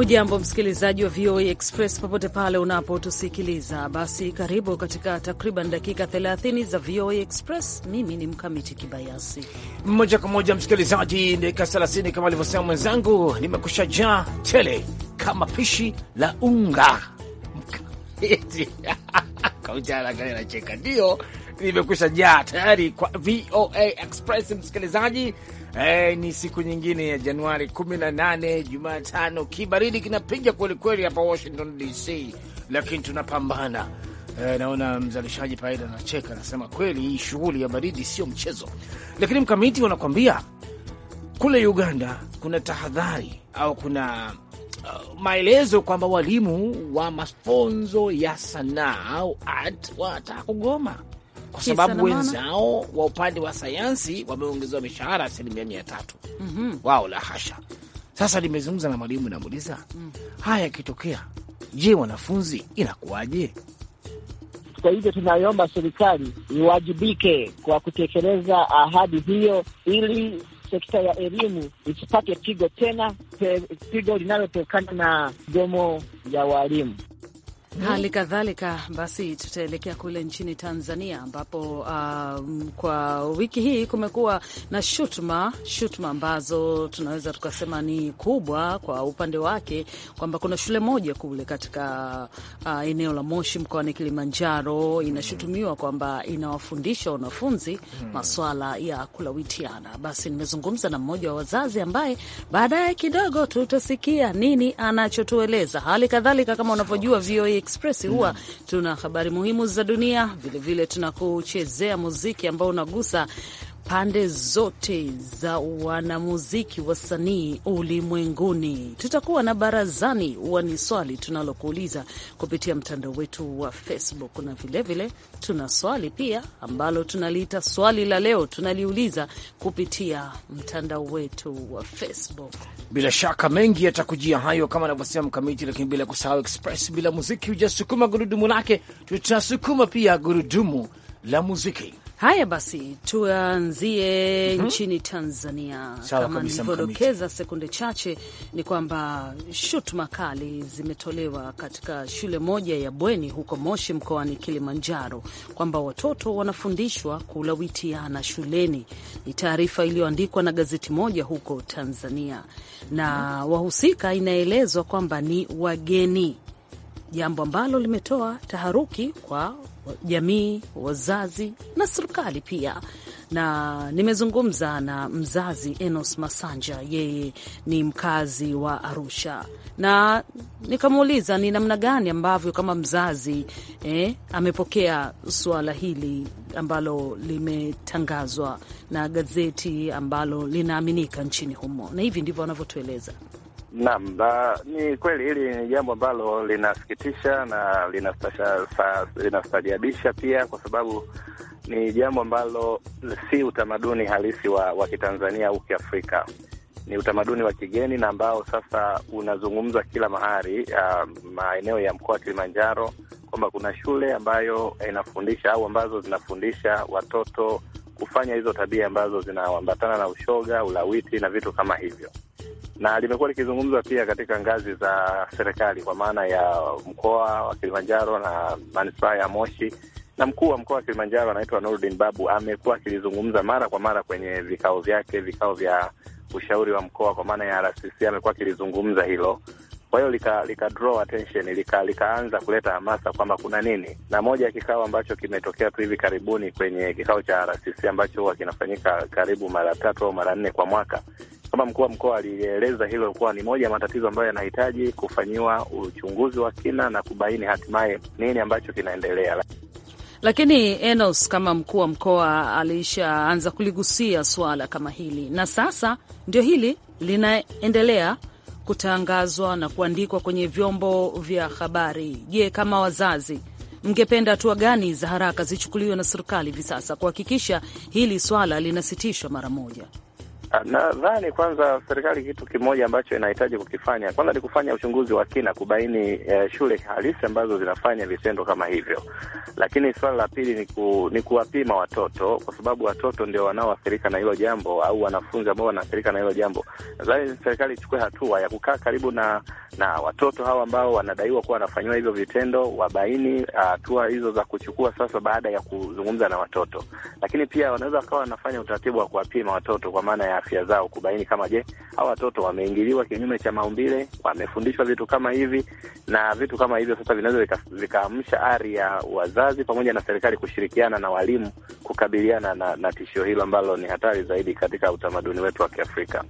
Hujambo msikilizaji wa VOA Express popote pale unapotusikiliza, basi karibu katika takriban dakika 30 za VOA Express. Mimi ni Mkamiti Kibayasi, moja kwa moja msikilizaji, dakika 30 kama alivyosema mwenzangu, nimekusha jaa tele kama pishi la unga nacheka, ndio nimekusha jaa tayari kwa VOA Express msikilizaji Hey, eh, ni siku nyingine ya Januari 18 Jumatano, kibaridi kinapiga kwelikweli hapa Washington DC, lakini tunapambana. Eh, naona mzalishaji Paida anacheka anasema, kweli hii shughuli ya baridi sio mchezo. Lakini mkamiti wanakwambia kule Uganda kuna tahadhari au kuna uh, maelezo kwamba walimu wa mafunzo ya sanaa au art wanataka kugoma kwa sababu wenzao wa upande wa sayansi wameongezewa mishahara asilimia mia tatu. mm -hmm. Wao la hasha. Sasa nimezungumza na mwalimu, namuuliza mm. haya yakitokea, je, wanafunzi inakuwaje? Kwa hivyo tunayomba serikali iwajibike kwa kutekeleza ahadi hiyo, ili sekta ya elimu isipate pigo tena, pigo linalotokana na domo ya walimu. Hmm? Hali kadhalika basi, tutaelekea kule nchini Tanzania ambapo um, kwa wiki hii kumekuwa na shutuma shutuma ambazo tunaweza tukasema ni kubwa kwa upande wake, kwamba kuna shule moja kule katika uh, eneo la Moshi mkoani Kilimanjaro inashutumiwa kwamba inawafundisha wanafunzi hmm. maswala ya kulawitiana. Basi nimezungumza na mmoja wa wazazi ambaye baadaye kidogo tutasikia nini anachotueleza. Hali kadhalika kama unavyojua VOA Express huwa tuna habari muhimu za dunia, vilevile tunakuchezea muziki ambao unagusa pande zote za wanamuziki wasanii ulimwenguni. Tutakuwa na barazani, huwa ni swali tunalokuuliza kupitia mtandao wetu wa Facebook, na vilevile tuna swali pia ambalo tunaliita swali la leo, tunaliuliza kupitia mtandao wetu wa Facebook. Bila shaka mengi yatakujia hayo kama anavyosema Mkamiti, lakini bila kusahau Express, bila muziki hujasukuma gurudumu lake, tutasukuma pia gurudumu la muziki. Haya basi, tuanzie mm -hmm. nchini Tanzania. Sawa, kama nilivyodokeza sekunde chache, ni kwamba shutuma kali zimetolewa katika shule moja ya bweni huko Moshi mkoani Kilimanjaro kwamba watoto wanafundishwa kulawitiana shuleni. Ni taarifa iliyoandikwa na gazeti moja huko Tanzania, na mhm. wahusika inaelezwa kwamba ni wageni jambo ambalo limetoa taharuki kwa jamii, wazazi na serikali pia na nimezungumza na mzazi Enos Masanja, yeye ni mkazi wa Arusha, na nikamuuliza ni namna gani ambavyo kama mzazi eh, amepokea suala hili ambalo limetangazwa na gazeti ambalo linaaminika nchini humo, na hivi ndivyo anavyotueleza. Naam, ni kweli hili ni jambo ambalo linasikitisha na linastajabisha pia, kwa sababu ni jambo ambalo si utamaduni halisi wa, wa Kitanzania au Kiafrika. Ni utamaduni wa kigeni na ambao sasa unazungumzwa kila mahali, uh, maeneo ya mkoa wa Kilimanjaro kwamba kuna shule ambayo inafundisha au ambazo zinafundisha watoto kufanya hizo tabia ambazo zinaambatana na ushoga, ulawiti na vitu kama hivyo na limekuwa likizungumzwa pia katika ngazi za serikali kwa maana ya mkoa wa Kilimanjaro na manispaa ya Moshi na mkuu wa mkoa wa Kilimanjaro anaitwa Nurdin Babu amekuwa akilizungumza mara kwa mara kwenye vikao vyake, vikao vya ushauri wa mkoa kwa maana ya RCC, amekuwa akilizungumza hilo. Kwa hiyo lika, lika draw attention, lika, likaanza kuleta hamasa kwamba kuna nini, na moja ya kikao ambacho kimetokea tu hivi karibuni kwenye kikao cha RCC ambacho huwa kinafanyika karibu mara tatu au mara nne kwa mwaka kama mkuu wa mkoa alieleza hilo kuwa ni moja ya matatizo ambayo yanahitaji kufanyiwa uchunguzi wa kina na kubaini hatimaye nini ambacho kinaendelea. Lakini Enos, kama mkuu wa mkoa, alishaanza kuligusia swala kama hili, na sasa ndio hili linaendelea kutangazwa na kuandikwa kwenye vyombo vya habari. Je, kama wazazi mngependa hatua gani za haraka zichukuliwe na serikali hivi sasa kuhakikisha hili swala linasitishwa mara moja? Ah, nadhani kwanza serikali kitu kimoja ambacho inahitaji kukifanya kwanza ni kufanya uchunguzi wa kina kubaini eh, shule halisi ambazo zinafanya vitendo kama hivyo, lakini suala la pili ni, ku, ni kuwapima watoto, kwa sababu watoto ndio wanaoathirika na hilo jambo au wanafunzi ambao wanaathirika na hilo jambo. Nadhani serikali ichukue hatua ya kukaa karibu na na watoto hawa ambao wanadaiwa kuwa wanafanyiwa hivyo vitendo, wabaini ah, hatua hizo za kuchukua sasa baada ya kuzungumza na watoto, lakini pia wanaweza wakawa wanafanya utaratibu wa kuwapima watoto kwa maana ya afya zao, kubaini kama je, hawa watoto wameingiliwa kinyume cha maumbile, wamefundishwa vitu kama hivi, na vitu kama hivyo sasa vinaweza vikaamsha ari ya wazazi pamoja na serikali kushirikiana na walimu kukabiliana na, na tishio hilo ambalo ni hatari zaidi katika utamaduni wetu wa Kiafrika.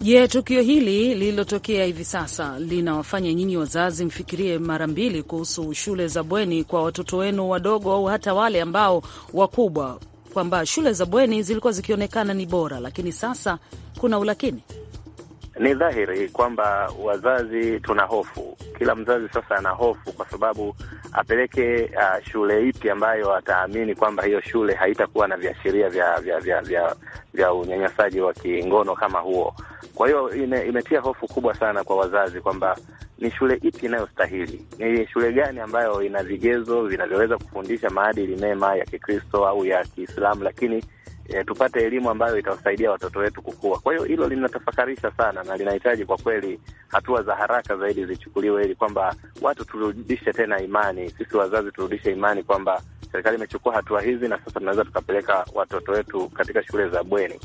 Je, tukio hili lililotokea hivi sasa linawafanya nyinyi wazazi mfikirie mara mbili kuhusu shule za bweni kwa watoto wenu wadogo au hata wale ambao wakubwa kwamba shule za bweni zilikuwa zikionekana ni bora, lakini sasa kuna ulakini. Ni dhahiri kwamba wazazi tuna hofu, kila mzazi sasa ana hofu kwa sababu apeleke uh, shule ipi ambayo ataamini kwamba hiyo shule haitakuwa na viashiria vya vya vya vya, vya unyanyasaji wa kingono kama huo. Kwa hiyo ime, imetia hofu kubwa sana kwa wazazi kwamba ni shule ipi inayostahili, ni shule gani ambayo ina vigezo vinavyoweza kufundisha maadili mema ya Kikristo au ya Kiislamu, lakini e, tupate elimu ambayo itawasaidia watoto wetu kukua. Kwa hiyo hilo linatafakarisha sana na linahitaji kwa kweli hatua za haraka zaidi zichukuliwe, ili kwamba watu turudishe tena imani, sisi wazazi turudishe imani kwamba serikali imechukua hatua hizi na sasa tunaweza tukapeleka watoto wetu katika shule za bweni.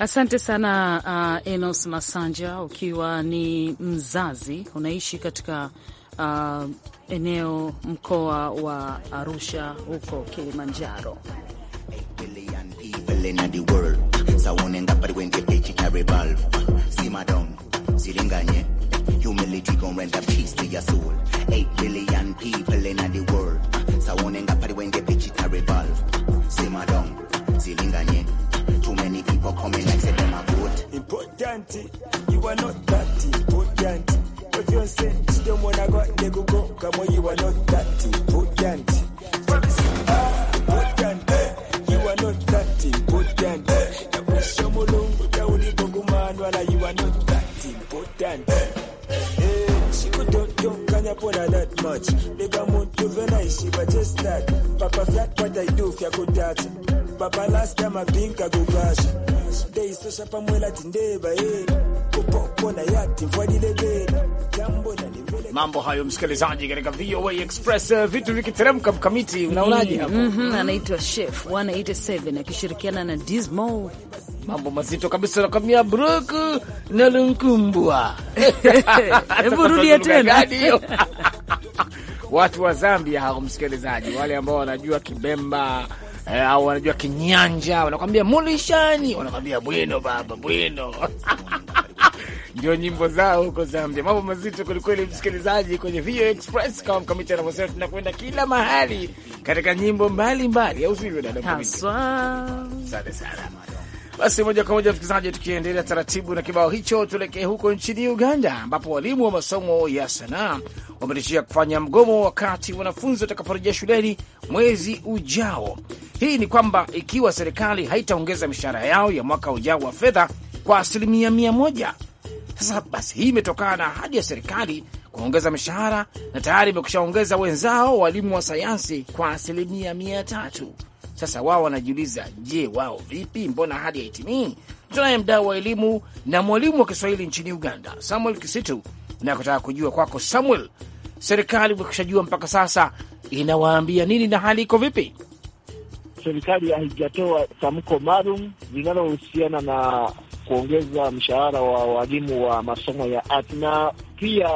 Asante sana uh, Enos Masanja, ukiwa ni mzazi unaishi katika uh, eneo mkoa wa Arusha huko Kilimanjaro. many people coming like say them are good. Important, you are not that important. If you say she don't wanna they go go. Come on, you are not that important. Eh? You are not that important. Eh? You are not Cola that much. Nigga mood to the nice, but just that. Papa flat what I do, kia kutata Papa last time I think I go crash. Day so shapa mwela tindeba sharp and well at ndeba, eh. Mambo hayo msikilizaji, katika VOA Express eh, vitu vikiteremka. Mkamiti unaonaje hapo? mm -hmm, anaitwa Chef 187 akishirikiana na Dizmo mambo mazito kabisa, nakwambia bruku na lunkumbwa. Hebu rudia tena watu wa Zambia hao, msikilizaji, wale ambao wanajua Kibemba eh, au wanajua Kinyanja wanakwambia mulishani, wanakwambia bwino baba bwino ndio nyimbo zao huko Zambia. Mambo mazito kwelikweli, msikilizaji, kwenye VOA Express kama mkamiti anavyosema, tunakwenda kila mahali katika nyimbo mbalimbali, au sivyo dada Asante sana. Basi moja kwa moja msikilizaji, tukiendelea taratibu na kibao hicho, tuelekee huko nchini Uganda ambapo walimu wa masomo ya sanaa wametishia kufanya mgomo wakati wanafunzi watakaporejea shuleni mwezi ujao. Hii ni kwamba ikiwa serikali haitaongeza mishahara yao ya mwaka ujao wa fedha kwa asilimia mia moja. Sasa basi, hii imetokana na ahadi ya serikali kuongeza mishahara na tayari imekushaongeza wenzao walimu wa sayansi kwa asilimia mia tatu. Sasa wao wanajiuliza, je, wao vipi? Mbona ahadi haitimii? Tunaye mdau wa elimu na mwalimu wa Kiswahili nchini Uganda, Samuel Kisitu, na kutaka kujua kwako Samuel, serikali kushajua mpaka sasa inawaambia nini na hali iko vipi? Serikali haijatoa tamko maalum linalohusiana na kuongeza mshahara wa walimu wa masomo ya art na pia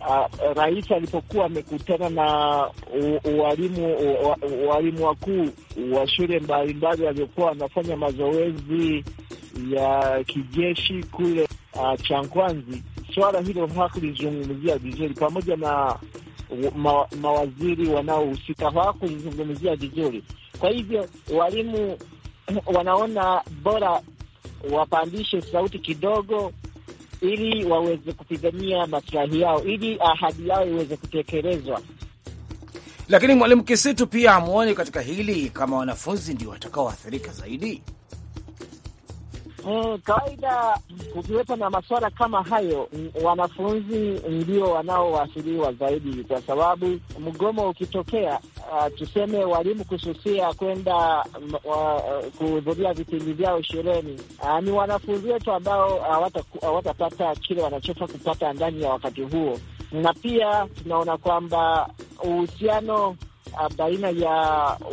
uh, rais alipokuwa amekutana na walimu walimu wakuu wa shule mbalimbali waliokuwa wanafanya mazoezi ya kijeshi kule uh, Changwanzi suala hilo hawakulizungumzia vizuri, pamoja na ma, mawaziri wanaohusika hawakulizungumzia vizuri. Kwa hivyo walimu wanaona bora wapandishe sauti kidogo, ili waweze kupigania maslahi yao, ili ahadi yao iweze kutekelezwa. Lakini mwalimu Kisitu, pia hamuoni katika hili kama wanafunzi ndio watakaoathirika zaidi? Mm, kawaida kukiwepo na masuala kama hayo, wanafunzi ndio wanaoathiriwa zaidi, kwa sababu mgomo ukitokea, uh, tuseme walimu kususia kwenda uh, kuhudhuria vipindi vyao shuleni, uh, ni wanafunzi wetu ambao hawatapata uh, kile wanachofa kupata ndani ya wakati huo, na pia tunaona kwamba uhusiano Uh, baina ya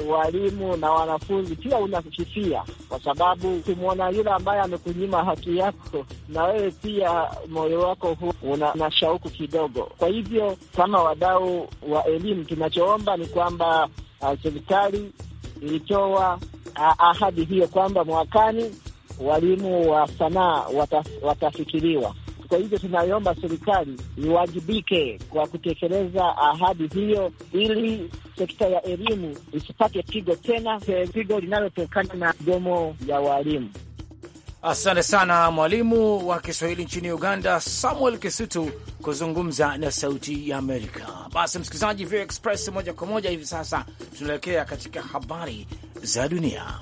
walimu na wanafunzi pia unakufifia, kwa sababu ukimwona yule ambaye amekunyima haki yako, na wewe pia moyo wako hu una shauku kidogo. Kwa hivyo, kama wadau wa elimu, tunachoomba ni kwamba uh, serikali ilitoa uh, ahadi hiyo kwamba mwakani walimu wa sanaa watafikiriwa. Kwa hivyo tunaiomba serikali iwajibike kwa kutekeleza ahadi hiyo, ili sekta ya elimu isipate pigo tena, eh, pigo linalotokana na mgomo ya walimu Asante sana mwalimu wa Kiswahili nchini Uganda, Samuel Kisitu, kuzungumza na Sauti ya Amerika. Basi msikilizaji, VOA Express moja kwa moja hivi sasa tunaelekea katika habari za dunia.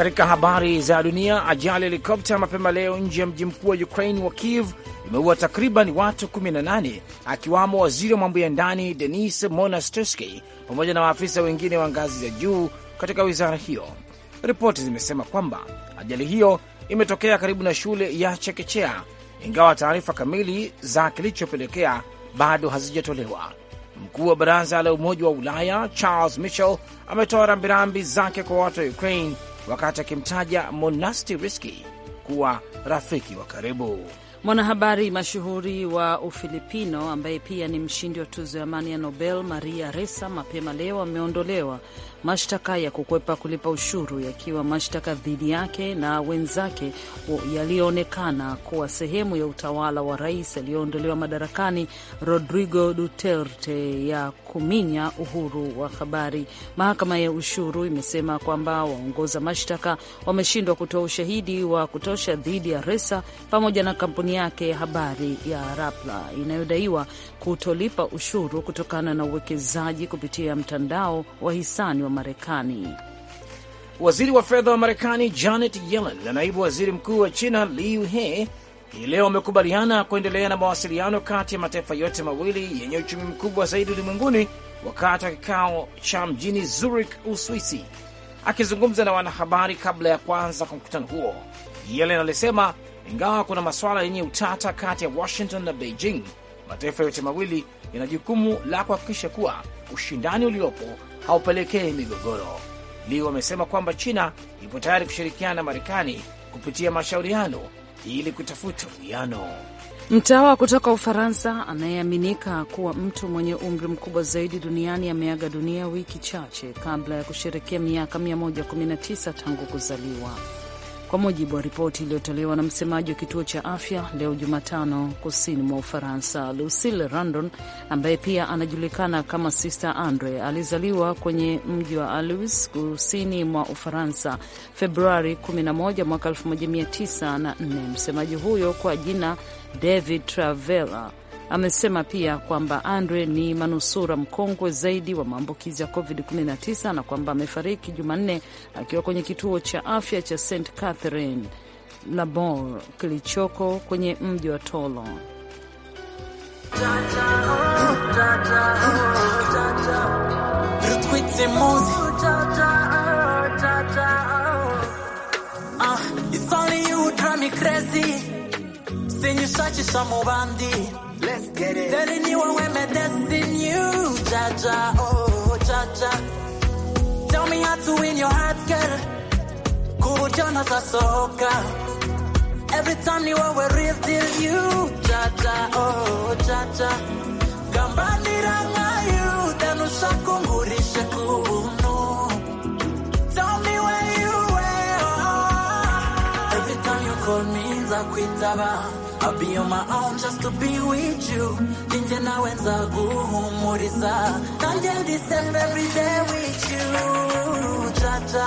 Katika habari za dunia, ajali helikopta mapema leo nje ya mji mkuu wa Ukraine wa Kiev imeua takriban watu 18 akiwamo waziri wa mambo ya ndani Denis Monastersky pamoja na maafisa wengine wa ngazi za juu katika wizara hiyo. Ripoti zimesema kwamba ajali hiyo imetokea karibu na shule ya chekechea, ingawa taarifa kamili za kilichopelekea bado hazijatolewa. Mkuu wa baraza la Umoja wa Ulaya Charles Michel ametoa rambirambi zake kwa watu wa Ukraine wakati akimtaja Monastiriski kuwa rafiki wa karibu. Mwanahabari mashuhuri wa Ufilipino ambaye pia ni mshindi wa tuzo ya amani ya Nobel Maria Ressa mapema leo ameondolewa mashtaka ya kukwepa kulipa ushuru yakiwa mashtaka dhidi yake na wenzake yaliyoonekana kuwa sehemu ya utawala wa rais aliyoondolewa madarakani Rodrigo Duterte ya kuminya uhuru wa habari. Mahakama ya ushuru imesema kwamba waongoza mashtaka wameshindwa kutoa ushahidi wa kutosha dhidi ya Resa pamoja na kampuni yake ya habari ya Rapla inayodaiwa kutolipa ushuru kutokana na uwekezaji kupitia mtandao wa hisani wa wa Marekani. Waziri wa fedha wa Marekani Janet Yellen na naibu waziri mkuu wa China Liu He hii leo wamekubaliana kuendelea na mawasiliano kati ya mataifa yote mawili yenye uchumi mkubwa zaidi ulimwenguni wakati wa kikao cha mjini Zurich, Uswisi. Akizungumza na wanahabari kabla ya kwanza kwa mkutano huo, Yellen alisema ingawa kuna masuala yenye utata kati ya Washington na Beijing, mataifa yote mawili yana jukumu la kuhakikisha kuwa ushindani uliopo haupelekei migogoro. Liu amesema kwamba China ipo tayari kushirikiana na Marekani kupitia mashauriano ili kutafuta uwiano. Mtawa kutoka Ufaransa anayeaminika kuwa mtu mwenye umri mkubwa zaidi duniani ameaga dunia wiki chache kabla ya kusherekea miaka 119 tangu kuzaliwa kwa mujibu wa ripoti iliyotolewa na msemaji wa kituo cha afya leo Jumatano kusini mwa Ufaransa. Lucille Randon ambaye pia anajulikana kama Sister Andre alizaliwa kwenye mji wa Alus kusini mwa Ufaransa Februari 11 mwaka 1904. Msemaji huyo kwa jina David Travella Amesema pia kwamba Andre ni manusura mkongwe zaidi wa maambukizi ya COVID-19 na kwamba amefariki Jumanne akiwa kwenye kituo cha afya cha St Catherine Labor kilichoko kwenye mji wa Tolo. Ah, Let's get it. Telling you I wear my Tell me how you are a real oh Every time you call me, za kuitaba. I'll be on my own just to be with you. Ninje na wenzagu humurisa. Nanje December every day with you. Cha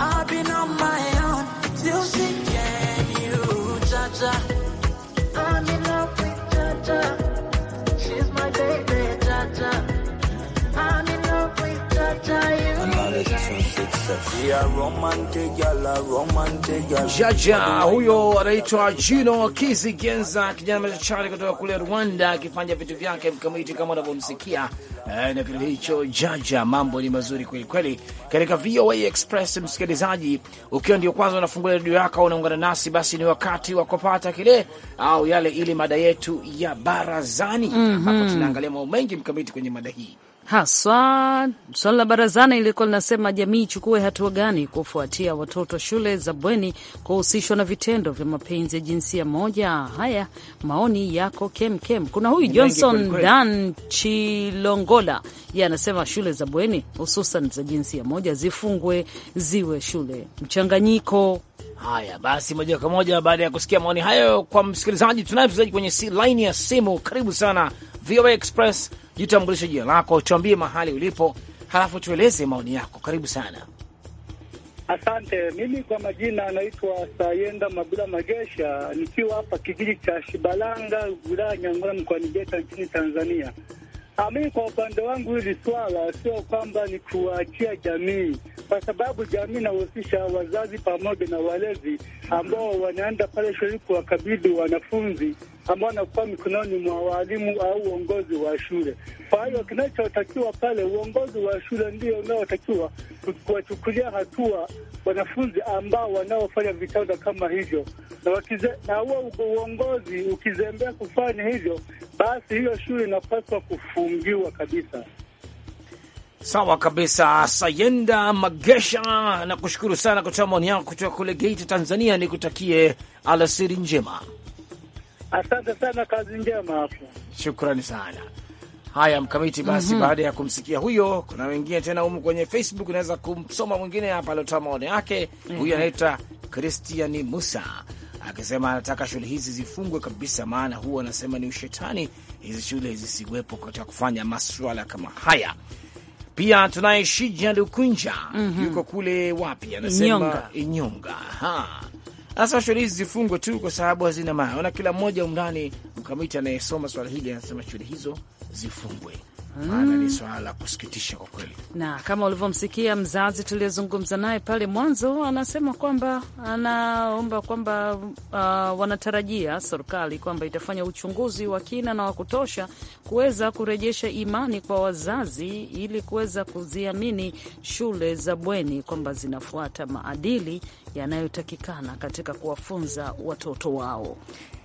I've been on my own till she I. Jaja huyo anaitwa Jino Kizigenza, kijana machachari kutoka kule Rwanda, akifanya vitu vyake mkamiti kama unavyomsikia eh, na kitu hicho. Jaja, mambo ni mazuri kwelikweli katika VOA Express. Msikilizaji, ukiwa ndio kwanza unafungua redio yako unaungana nasi, basi ni wakati wa kupata kile au yale, ili mada yetu ya barazani, ambapo mhm. mm -hmm. tunaangalia mambo mengi mkamiti kwenye mada hii haswa swala la barazana ilikuwa linasema jamii ichukue hatua gani kufuatia watoto shule za bweni kuhusishwa na vitendo vya mapenzi ya jinsia moja. Haya, maoni yako kem kem. Kuna huyu Johnson Dan Chilongola, ye anasema shule za bweni hususan za jinsia moja zifungwe, ziwe shule mchanganyiko. Haya basi, moja kwa moja baada ya kusikia maoni hayo kwa msikilizaji, tunaye msikilizaji kwenye laini ya simu. Karibu sana VOA Express jitambulishe jina lako, tuambie mahali ulipo, halafu tueleze maoni yako. Karibu sana. Asante. Mimi kwa majina anaitwa Sayenda Mabula Magesha, nikiwa hapa kijiji cha Shibalanga, wilaya Nyang'ola, mkoani geta nchini Tanzania. Mimi ah, kwa upande wangu, hili swala sio kwamba ni kuwaachia jamii, kwa sababu jamii inahusisha wazazi pamoja na walezi ambao wanaenda pale shule kuwakabidhi wanafunzi ambao anakuwa mikononi mwa waalimu au uongozi wa shule. Kwa hiyo kinachotakiwa pale, uongozi wa shule ndio unaotakiwa kuwachukulia hatua wanafunzi ambao wanaofanya vitendo kama hivyo, na wakize, na huo uongozi ukizembea kufanya hivyo, basi hiyo shule inapaswa kufungiwa kabisa. Sawa kabisa, Sayenda Magesha, nakushukuru sana kutoa maoni yako kutoka kule Geita, Tanzania. Nikutakie alasiri njema. Asante sana, kazi njema hapo, shukrani sana. Haya, mkamiti basi. mm -hmm. Baada ya kumsikia huyo, kuna wengine tena humu kwenye Facebook, unaweza kumsoma mwingine hapa aliotoa maoni yake. mm -hmm. Huyu mhm. anaitwa Kristiani Musa akisema anataka shule hizi zifungwe kabisa, maana huwa anasema ni ushetani, hizi shule zisiwepo katika kufanya maswala kama haya. Pia tunaye Shija Lukunja. mm -hmm. Yuko kule wapi? Anasema Inyonga. Inyonga. Hasa shule hizi zifungwe tu kwa sababu hazina maana. Kila mmoja umndani mkamiti anayesoma swala hili anasema shule hizo zifungwe maana ni mm. swala la kusikitisha kwa kweli. Na kama ulivyomsikia mzazi tuliyezungumza naye pale mwanzo, anasema kwamba anaomba kwamba uh, wanatarajia serikali kwamba itafanya uchunguzi wa kina na wa kutosha kuweza kurejesha imani kwa wazazi ili kuweza kuziamini shule za bweni kwamba zinafuata maadili yanayotakikana katika kuwafunza watoto wao.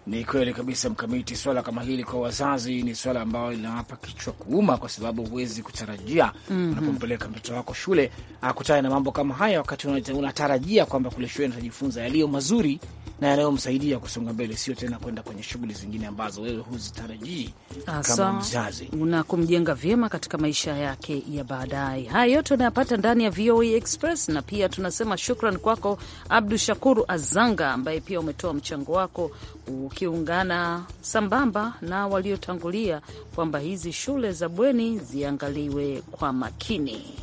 Ni kweli kabisa Mkamiti, swala kama hili kwa wazazi ni swala ambayo linawapa kichwa kuuma, kwa sababu huwezi kutarajia mm -hmm. unapompeleka mtoto wako shule akutane na mambo kama haya, wakati unatarajia kwamba kule shule atajifunza yaliyo mazuri na yanayomsaidia kusonga mbele, sio tena kwenda kwenye shughuli zingine ambazo wewe huzitarajii kama mzazi, na kumjenga vyema katika maisha yake ya baadaye. Haya yote unayapata ndani ya VOA e Express, na pia tunasema shukran kwako Abdu Shakuru Azanga ambaye pia umetoa mchango wako ukiungana sambamba na waliotangulia kwamba hizi shule za bweni ziangaliwe kwa makini.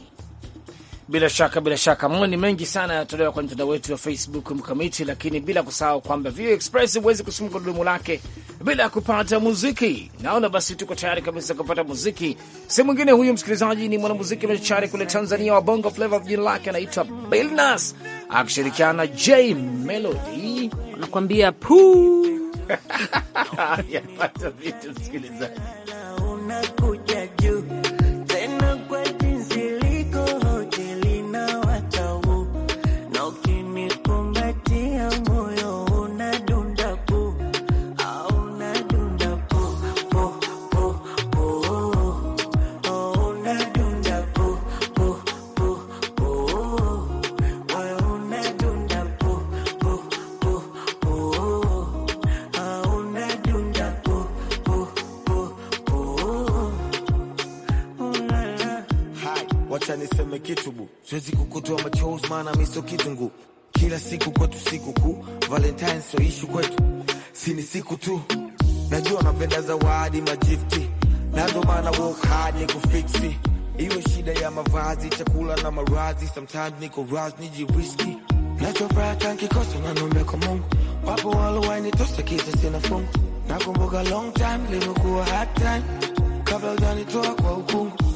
Bila shaka, bila shaka, maoni mengi sana yanatolewa kwenye mtandao wetu wa Facebook Mkamiti, lakini bila kusahau kwamba VOA Express huwezi kusumu gurudumu lake bila kupata muziki. Naona basi tuko tayari kabisa kupata muziki, si mwingine huyu msikilizaji, ni mwanamuziki machari kule Tanzania wa Bongo Flava, jina lake anaitwa Billnas akishirikiana na J Melody, anakuambia pu yapata vitu msikilizaji acha niseme kitu bu, siwezi kukutoa machozi, maana miso kitungu kila siku kwetu siku kuu Valentine, so ishu kwetu sini siku tu, najua napenda zawadi majifti, na ndo maana work hard ni kufiksi, iwe shida ya mavazi, chakula na maradhi, sometimes niko ras nijiriski nachofuraha nkikosa nanombea kwa Mungu, wapo walowainitosa kisa sina fungu, nakumbuka long time livyokuwa hard time kabla ujanitoa kwa ukungu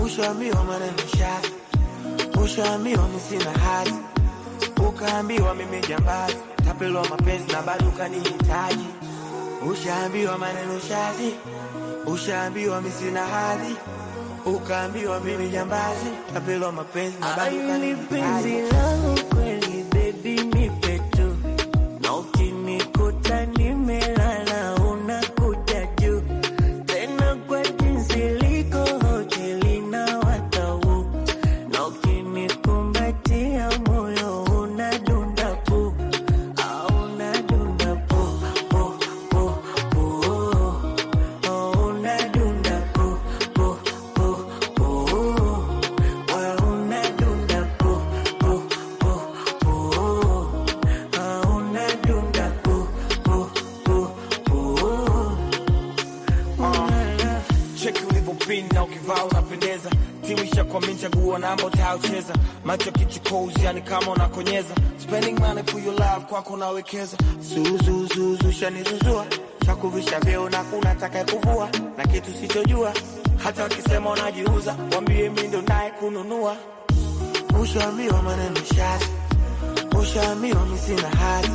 Ushaambiwa maneno shazi, ushaambiwa misina sina ukaambiwa mimi jambazi, tapelwa mapenzi na bado kanihitaji Ushaambiwa maneno shazi, ushaambiwa misina sina hali, ukaambiwa mimi jambazi, tapelwa mapenzi na bado ukanihitaji. unawekeza zuzuzuzu shanizuzua chakuvisha vyeo na kuna taka kuvua na kitu sichojua hata wakisema unajiuza wambie mi ndo naye kununua ushaambiwa maneno shazi ushaambiwa misina hati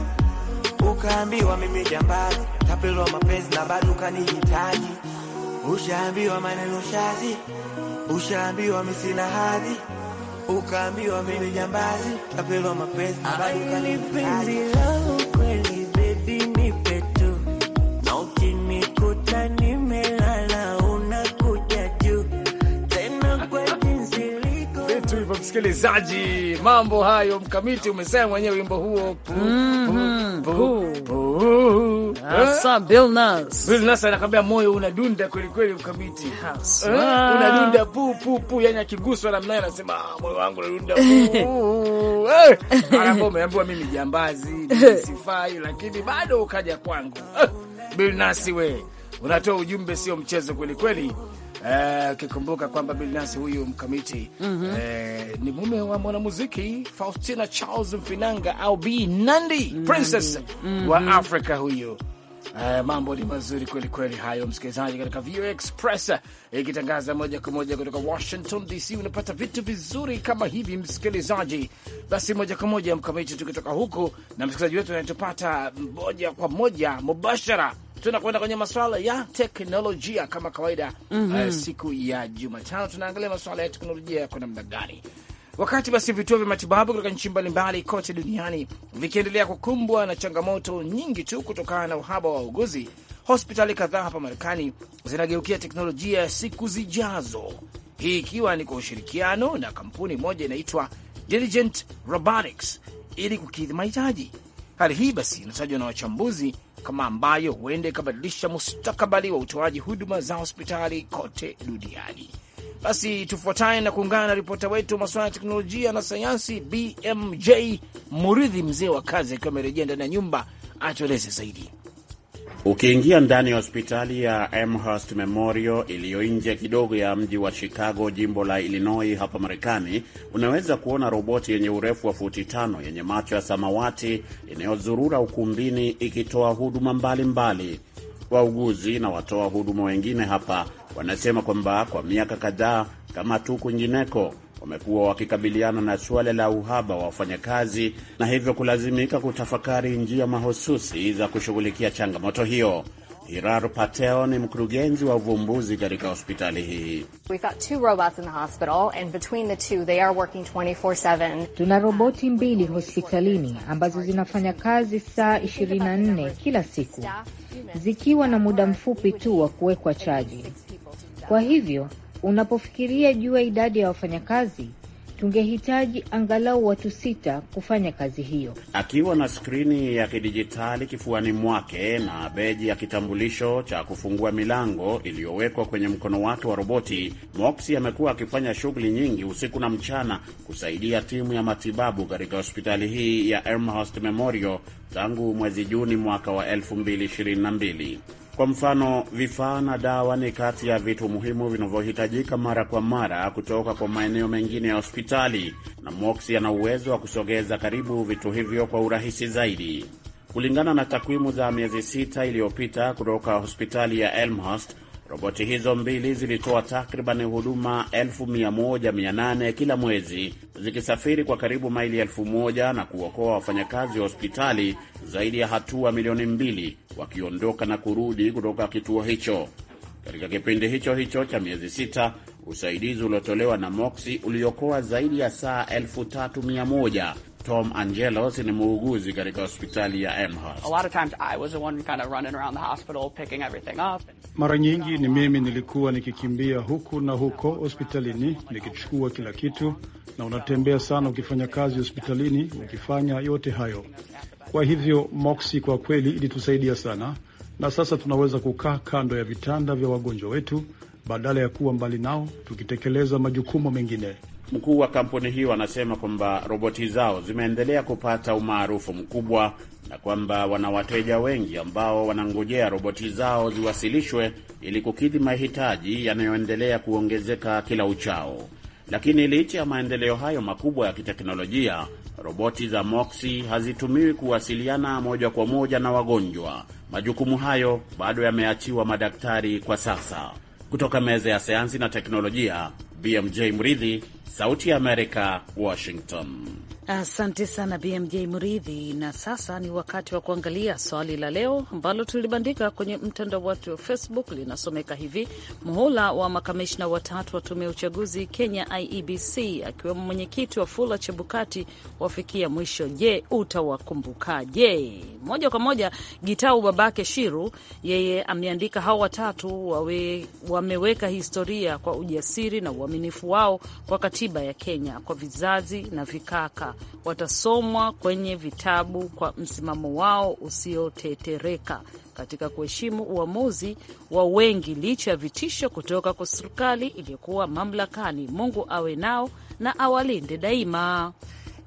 ukaambiwa mimi jambazi tapelwa mapenzi na bado ukanihitaji ushaambiwa maneno shazi ushaambiwa misina hati ukaambiwa mimi jambazi, kapelwa mapenzi, abadi kanipenzi msikilizaji, mambo hayo mkamiti, umesema mwenyewe wimbo huo anakwambia moyo unadunda kwelikweli, mkamiti ah, eh? unadunda pu pu pu, yani akiguswa namnaye anasema ah, moyo wangu unadunda eh? anakuwa umeambiwa mimi jambazi sifai, lakini bado ukaja kwangu eh? Bilnasi we unatoa ujumbe, sio mchezo kwelikweli. Eh, ukikumbuka kwamba bilinasi huyu mkamiti mm -hmm. ni mume wa mwanamuziki Faustina Charles Mfinanga au B Nandi mm-hmm. princess mm -hmm. wa mm-hmm. Afrika huyu. Uh, mambo ni mazuri kweli kweli hayo, msikilizaji, katika VOA Express ikitangaza moja kwa moja kutoka Washington DC. Unapata vitu vizuri kama hivi, msikilizaji. Basi moja kwa moja mkamiti, tukitoka huku na msikilizaji wetu anatupata moja kwa moja mubashara tunakwenda kwenye masuala ya teknolojia kama kawaida. mm -hmm. Uh, siku ya Jumatano tunaangalia maswala ya teknolojia kwa namna gani. Wakati basi vituo vya matibabu kutoka nchi mbalimbali kote duniani vikiendelea kukumbwa na changamoto nyingi tu kutokana na uhaba wa wauguzi, hospitali kadhaa hapa Marekani zinageukia teknolojia ya siku zijazo, hii ikiwa ni kwa ushirikiano na kampuni moja inaitwa Diligent Robotics ili kukidhi mahitaji Hali hii basi inatajwa na wachambuzi kama ambayo huenda ikabadilisha mustakabali wa utoaji huduma za hospitali kote duniani. Basi tufuatane na kuungana na ripota wetu wa masuala ya teknolojia na sayansi BMJ Muridhi, mzee wa kazi, akiwa amerejea ndani ya nyumba, atueleze zaidi. Ukiingia ndani ya hospitali ya Amherst Memorial iliyo nje kidogo ya mji wa Chicago, jimbo la Illinois hapa Marekani, unaweza kuona roboti yenye urefu wa futi tano yenye macho ya samawati inayozurura ukumbini ikitoa huduma mbalimbali. Wauguzi na watoa huduma wengine hapa wanasema kwamba kwa miaka kadhaa, kama tu kwingineko wamekuwa wakikabiliana na suala la uhaba wa wafanyakazi na hivyo kulazimika kutafakari njia mahususi za kushughulikia changamoto hiyo. Hirar pateo ni mkurugenzi wa uvumbuzi katika hospitali hii. Tuna roboti mbili hospitalini ambazo zinafanya kazi saa 24 kila siku, zikiwa na muda mfupi tu wa kuwekwa chaji. Kwa hivyo Unapofikiria juu ya idadi ya wafanyakazi tungehitaji angalau watu sita kufanya kazi hiyo. Akiwa na skrini ya kidijitali kifuani mwake na beji ya kitambulisho cha kufungua milango iliyowekwa kwenye mkono wake wa roboti, Moksi amekuwa akifanya shughuli nyingi usiku na mchana kusaidia timu ya matibabu katika hospitali hii ya Elmhurst Memorial tangu mwezi Juni mwaka wa 2022. Kwa mfano, vifaa na dawa ni kati ya vitu muhimu vinavyohitajika mara kwa mara kutoka kwa maeneo mengine ya hospitali, na Moxi ana uwezo wa kusogeza karibu vitu hivyo kwa urahisi zaidi. Kulingana na takwimu za miezi sita iliyopita kutoka hospitali ya Elmhurst, roboti hizo mbili zilitoa takriban huduma 1800 kila mwezi zikisafiri kwa karibu maili 1000 na kuokoa wafanyakazi wa hospitali zaidi ya hatua milioni mbili wakiondoka na kurudi kutoka kituo hicho. Katika kipindi hicho hicho cha miezi sita, usaidizi uliotolewa na Moxi uliokoa zaidi ya saa elfu tatu mia moja. Tom Angelos ni muuguzi katika hospitali ya Amherst. Mara nyingi ni mimi nilikuwa nikikimbia huku na huko hospitalini nikichukua kila kitu, na unatembea sana ukifanya kazi hospitalini, ukifanya yote hayo. Kwa hivyo Moxi kwa kweli ilitusaidia sana, na sasa tunaweza kukaa kando ya vitanda vya wagonjwa wetu badala ya kuwa mbali nao tukitekeleza majukumu mengine. Mkuu wa kampuni hiyo anasema kwamba roboti zao zimeendelea kupata umaarufu mkubwa na kwamba wana wateja wengi ambao wanangojea roboti zao ziwasilishwe ili kukidhi mahitaji yanayoendelea kuongezeka kila uchao. Lakini licha ya maendeleo hayo makubwa ya kiteknolojia, Roboti za MOXI hazitumiwi kuwasiliana moja kwa moja na wagonjwa. Majukumu hayo bado yameachiwa madaktari kwa sasa. Kutoka meza ya sayansi na teknolojia, BMJ Mridhi, Sauti ya Amerika, Washington. Asante sana BMJ Mridhi. Na sasa ni wakati wa kuangalia swali la leo ambalo tulibandika kwenye mtandao wetu wa Facebook. Linasomeka hivi: muhula wa makamishna watatu wa tume ya uchaguzi Kenya IEBC akiwemo mwenyekiti wa fula Chebukati wafikia mwisho. Je, utawakumbukaje? Moja kwa moja, Gitau babake Shiru yeye ameandika hao watatu wawe, wameweka historia kwa ujasiri na uaminifu wao kwa katiba ya Kenya kwa vizazi na vikaka watasomwa kwenye vitabu kwa msimamo wao usiotetereka katika kuheshimu uamuzi wa wengi licha ya vitisho kutoka kwa serikali iliyokuwa mamlakani. Mungu awe nao na awalinde daima.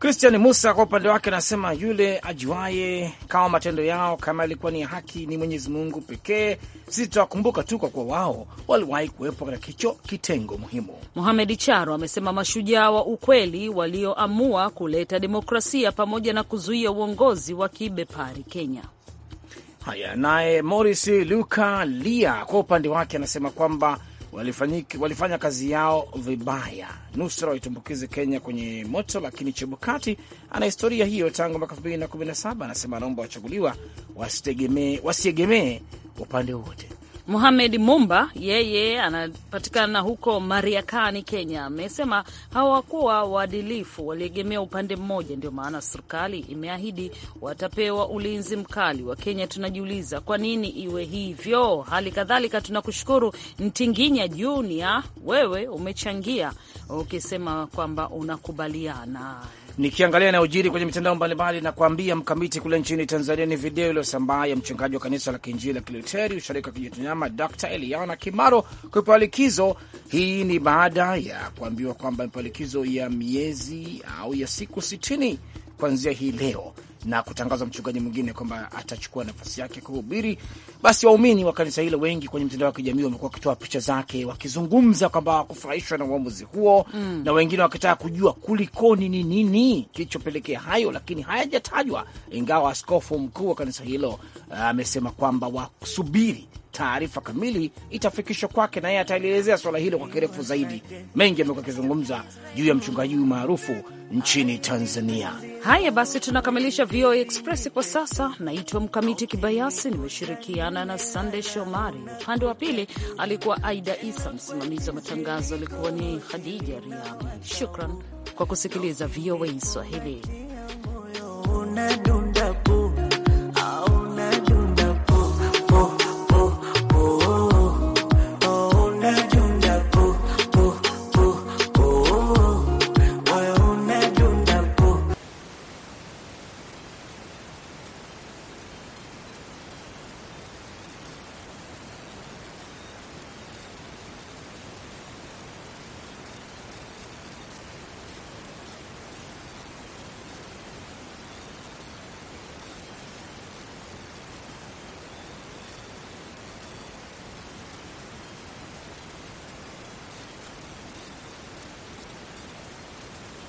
Christian Musa kwa upande wake anasema yule ajuaye kama matendo yao kama yalikuwa ni haki ni Mwenyezi Mungu pekee. Sisi tutawakumbuka tu kwa kuwa wao waliwahi kuwepo katika kicho kitengo muhimu. Muhamed Charo amesema mashujaa wa ukweli walioamua kuleta demokrasia pamoja na kuzuia uongozi wa kibepari Kenya. Haya, naye Morris Luka Lia kwa upande wake anasema kwamba walifanya kazi yao vibaya. Nusra waitumbukize Kenya kwenye moto, lakini Chebukati ana historia hiyo tangu mwaka 2017 anasema anaomba wachaguliwa wasiegemee upande wowote. Mohamed Mumba yeye anapatikana huko Mariakani, Kenya, amesema hawakuwa waadilifu, waliegemea upande mmoja, ndio maana serikali imeahidi watapewa ulinzi mkali. Wa Kenya tunajiuliza kwa nini iwe hivyo. Hali kadhalika tunakushukuru Mtinginya Junior, wewe umechangia ukisema kwamba unakubaliana Nikiangalia yanayojiri kwenye mitandao mbalimbali na kuambia mkamiti kule nchini Tanzania, ni video iliyosambaa ya mchungaji wa kanisa la Kiinjili la Kiluteri ushirika wa Kijitonyama, Dr Eliana Kimaro kupewa likizo. Hii ni baada ya kuambiwa kwamba amepewa likizo ya miezi au ya siku sitini kuanzia hii leo na kutangaza mchungaji mwingine kwamba atachukua nafasi yake kuhubiri. Basi waumini wa kanisa hilo wengi kwenye mtandao wa kijamii wamekuwa wakitoa picha zake wakizungumza kwamba hawakufurahishwa na uamuzi huo mm, na wengine wakitaka kujua kulikoni, ni nini kilichopelekea hayo, lakini hayajatajwa, ingawa askofu mkuu wa kanisa hilo ah, amesema uh, kwamba wasubiri taarifa kamili itafikishwa kwake, naye ataelezea swala hilo kwa kirefu zaidi. Mengi amekuwa akizungumza juu ya mchungaji huyu maarufu nchini Tanzania. Haya basi, tunakamilisha VOA Express kwa sasa. Naitwa Mkamiti Kibayasi, nimeshirikiana na Sandey Shomari. Upande wa pili alikuwa Aida Isa, msimamizi wa matangazo alikuwa ni Khadija Riami. Shukran kwa kusikiliza VOA Swahili.